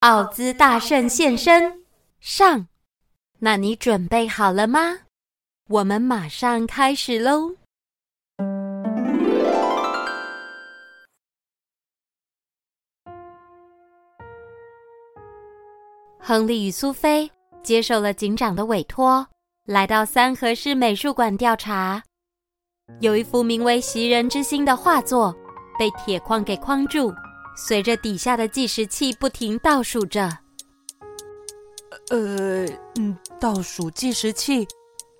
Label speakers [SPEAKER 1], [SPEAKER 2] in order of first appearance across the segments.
[SPEAKER 1] 奧茲大聖現身，上，那你準備好了嗎？我們馬上開始嘍。亨利與蘇菲接受了警長的委託，來到三河市美術館調查，有一幅名為《襲人之心》的畫作被鐵框給框住。隨着底下的計時器不停倒數着，
[SPEAKER 2] 呃，嗯，倒數計時器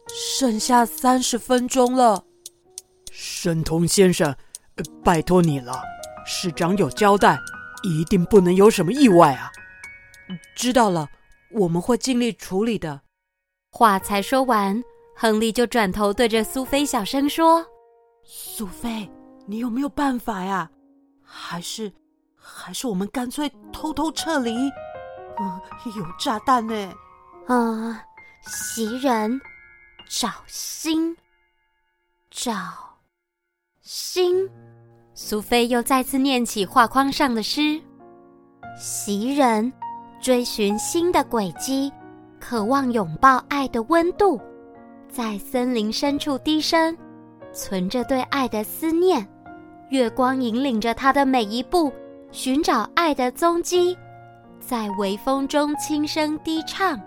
[SPEAKER 2] 剩下三十分鐘了。神童先生，呃，拜托你了，市長有交代，一定不能有什麼意外啊！
[SPEAKER 1] 知道了，我們會盡力處理的。話才說完，亨利就轉頭對着蘇菲小聲說：“蘇菲，你有沒有辦法呀？還是……”還是我們乾脆偷偷撤離？嗯，有炸彈欸。啊、呃，襲人，找心，找心。蘇菲又再次念起畫框上的詩：襲人追尋心的軌跡，渴望擁抱愛的溫度，在森林深處低聲，存着對愛的思念。月光引領着他的每一步。尋找愛的蹤跡，在微風中輕聲低唱。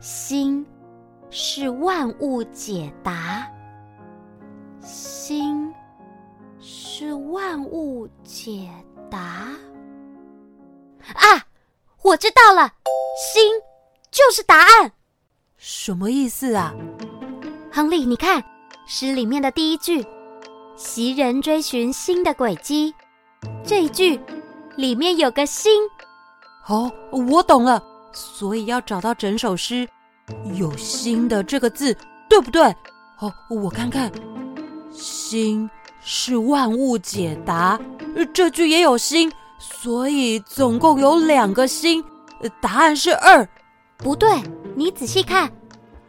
[SPEAKER 1] 心是萬物解答。心是萬物解答。啊，我知道了，心就是答案。什麼意思啊？亨利，你看詩裡面的第一句：“襲人追尋心的軌跡。”這一句。裡面有個心哦，我懂了，所以要找到整首詩
[SPEAKER 2] 有“心”的這個字，對不對？哦，我看看，“心”是萬物解答，這句也有“心”，所
[SPEAKER 1] 以總共有兩個“心”，答案是二。不對，你仔細看，“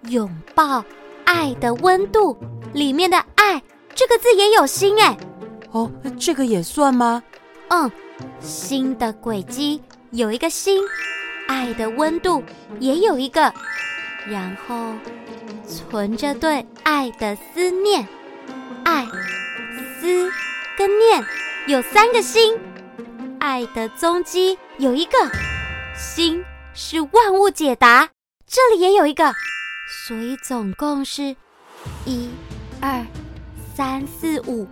[SPEAKER 1] 擁抱愛的溫度”裡面的“愛”這個字也有“心”哎，哦，這個也算嗎？嗯。心的軌跡有一個心，愛的溫度也有一個，然後存着對愛的思念，愛思跟念有三個心，愛的蹤跡有一個，心是萬物解答，這裡也有一個，所以總共是一二三四五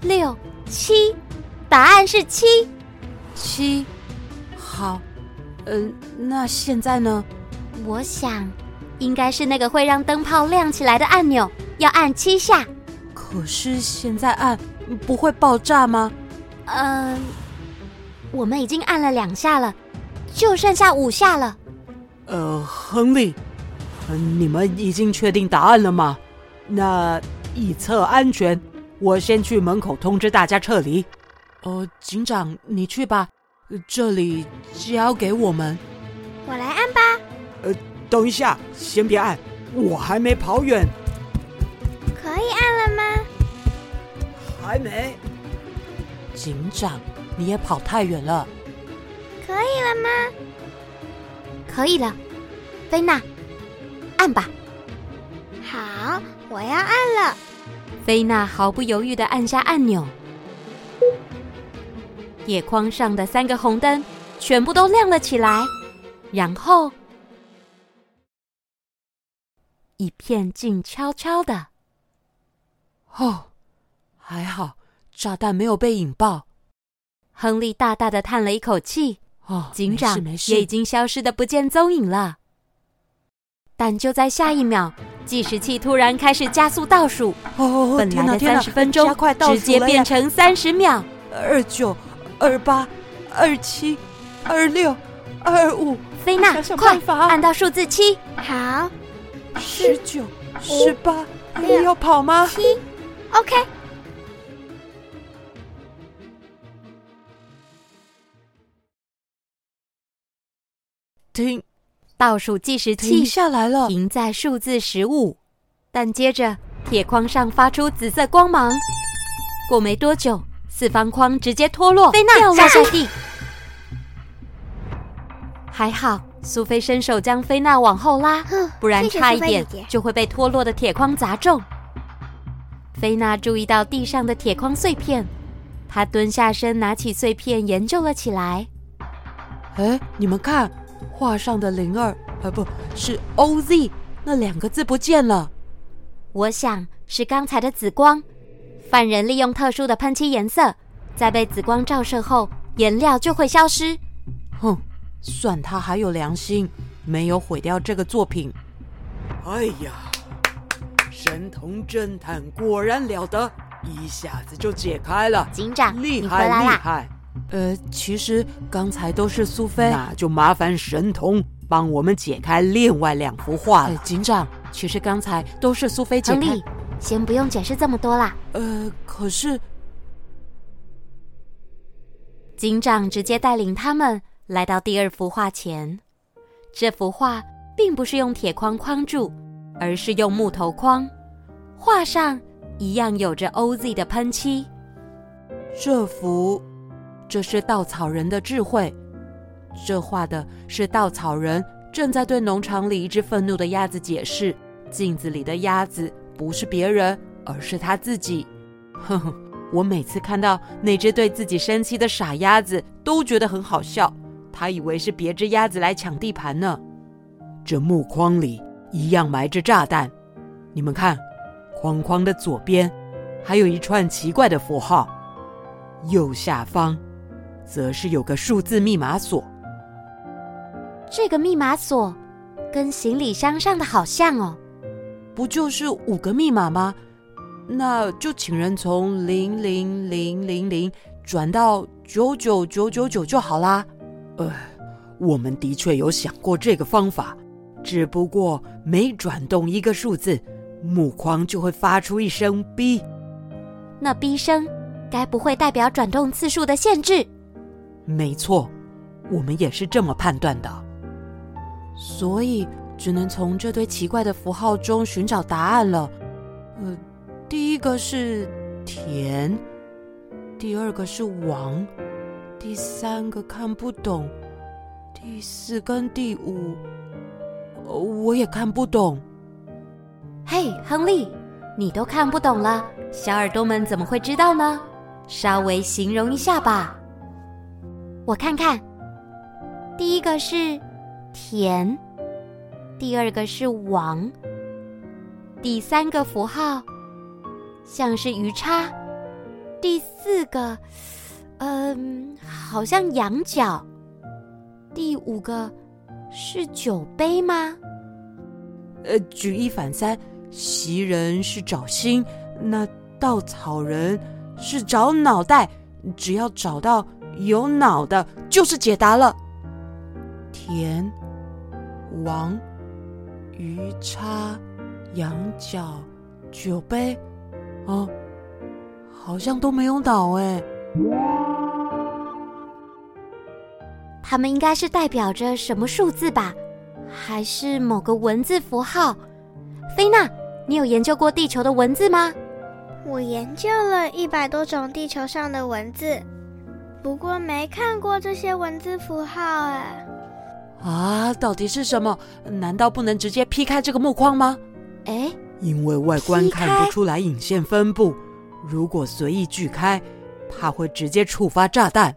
[SPEAKER 1] 六七，答案是七。七，好，嗯、呃，那現在呢？我想，應該是那個會讓燈泡亮起來的按鈕，要按七下。可是現在按不會爆炸嗎？嗯、呃，我們已經按了兩下了，就剩下五下了。呃，亨利、
[SPEAKER 2] 呃，你們已經確定答案了嗎？那以策安全，我先去門口通知大家撤離。哦、呃，警長，你去吧，這裡交給我們，
[SPEAKER 1] 我來按吧。
[SPEAKER 2] 呃，等一下，先別按，我還沒跑遠。
[SPEAKER 1] 可以按了嗎？還沒。
[SPEAKER 2] 警長，你也跑太遠了。
[SPEAKER 1] 可以了嗎？可以了，菲娜，按吧。好，我要按了。菲娜毫不猶豫地按下按鈕。夜框上的三個紅燈全部都亮了起來，然後一片靜悄悄的。哦，還好炸彈沒有被引爆。亨利大大的嘆了一口氣。哦，警長掌 也已經消失的不見蹤影了。但就在下一秒，計時器突然開始加速倒數。哦，哦，哦，本來的30天哪，天哪！加快倒數了呀！三十分鐘直接變成三十秒。二十九。二二八，二七，二六，二五。菲娜，想想辦法快按到數字七。好，十,十九，十八，哦、你要跑嗎？七，OK。停，停下來了。倒數計時器，停在數字十五。但接着，鐵框上發出紫色光芒。過沒多久。四方框直接脫落，掉落下地。還好，蘇菲伸手將菲娜往後拉，呵不然差一點謝謝就會被脫落的鐵框砸中。菲娜注意到地上的鐵框碎片，她蹲下身拿起碎片研究了起來。哎，你們看，畫上的靈兒啊，不是 OZ 那兩個字不見了。我想是剛才的紫光。犯人利用特殊的噴漆顏色，在被紫光照射後，顏料就會消失。
[SPEAKER 2] 哼，算他還有良心，沒有毀掉這個作品。哎呀，神童偵探果然了得，一下子就解開了。警長，你回來啦？厲害，厲害。呃，其實剛才都是蘇菲。那就麻煩神童幫我們解開另外兩幅畫了。呃，警長，
[SPEAKER 1] 其實剛才都是蘇菲解密。先不用解釋這麼多啦。呃，可是，警長直接帶領他們來到第二幅畫前。這幅畫並不是用鐵框框住，而是用木頭框。畫上一樣有着 OZ 的噴漆。這幅，這是稻草人的智
[SPEAKER 2] 慧。這畫的是稻草人正在對農場裡一隻憤怒的鴨子解釋，鏡子裡的鴨子不是別人，而是他自己。哼哼，我每次看到那只對自己生氣的傻鴨子，都覺得很好笑。他以為是別只鴨子來搶地盤呢。這木框裡一樣埋着炸彈，你們看，框框的左邊，還有一串奇怪的符號；右下方，則是有個數字密碼鎖。
[SPEAKER 1] 這個密碼鎖，跟行李箱上的好像哦。不就是五個密碼嗎？那就請人
[SPEAKER 2] 從零零零零零轉到九九九九九就好啦。呃，我們的確有想過這個方法，只不過每轉動一個數字，木框就會發出一聲“嗶”。
[SPEAKER 1] 那“嗶”聲該不會代表轉動次數的限制？
[SPEAKER 2] 沒錯，我們也是這麼判斷的。
[SPEAKER 1] 所以。只能從這
[SPEAKER 2] 堆奇怪的符號中，尋找答案了。呃，第一個是田，第二個是王，第三個看
[SPEAKER 1] 不懂，第四跟第五，呃，我也看不懂。嘿，亨利，你都看不懂了，小耳朵們怎麼會知道呢？稍微形容一下吧。我看看，第一個是田。第二個是王，第三個符號像是魚叉，第四個，嗯、呃，好像羊角，第五個是酒杯嗎？
[SPEAKER 2] 呃，舉一反三，錫人是找心，那稻草人是找腦袋，只要找到有腦的，就是解答了。田，王。魚叉、羊角、酒杯，哦，
[SPEAKER 1] 好像都沒有倒哎。它們應該是代表着什麼數字吧？還是某個文字符號？菲娜，你有研究過地球的文字嗎？我研究了一百多種地球上的文字，不過沒看過這些文字符號哎、啊。
[SPEAKER 2] 啊，到底是什麼？難道不能直接劈開這個木框嗎？誒，因為外觀看不出來引線分布，劈開？如果隨意鋸開，怕會直接觸發炸彈。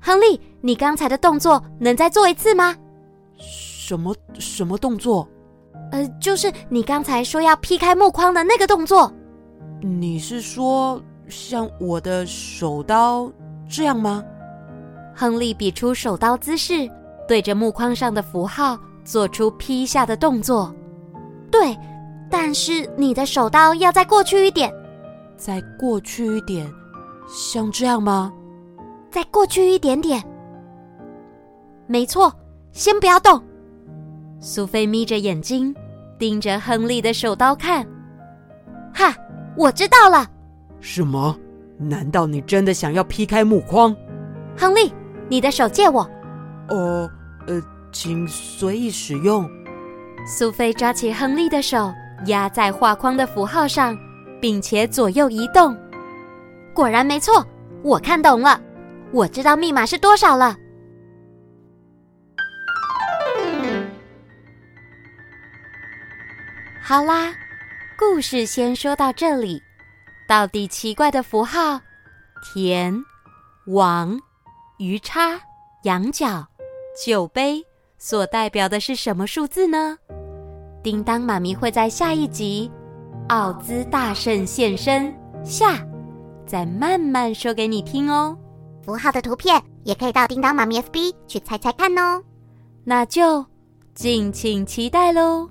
[SPEAKER 1] 亨利，你剛才的動作能再做一次嗎？什麼什麼動作？呃，就是你剛才說要劈開木框的那個動作。你是說像我的手刀這樣嗎？亨利比出手刀姿勢。對着木框上的符號做出劈下的動作，對，但是你的手刀要再過去一點，再過去一點，像這樣嗎？再過去一點點，沒錯，先不要動。蘇菲眯着眼睛盯着亨利的手刀看，哈，我知道了。
[SPEAKER 2] 什麼？難道你真的想要劈開木框？
[SPEAKER 1] 亨利，你的手
[SPEAKER 2] 借我。哦。呃，請隨意使用。
[SPEAKER 1] 蘇菲抓起亨利的手，壓在畫框的符號上，並且左右移動。果然沒錯，我看懂了，我知道密碼是多少了。好啦，故事先說到這裡。到底奇怪的符號，田、王、魚叉、羊角。酒杯所代表的是什麼數字呢？叮噹媽咪會在下一集《奧茲大聖現身》下再慢慢說給你聽哦。符號的圖片也可以到叮噹媽咪 FB 去猜猜看哦。那就敬請期待嘍。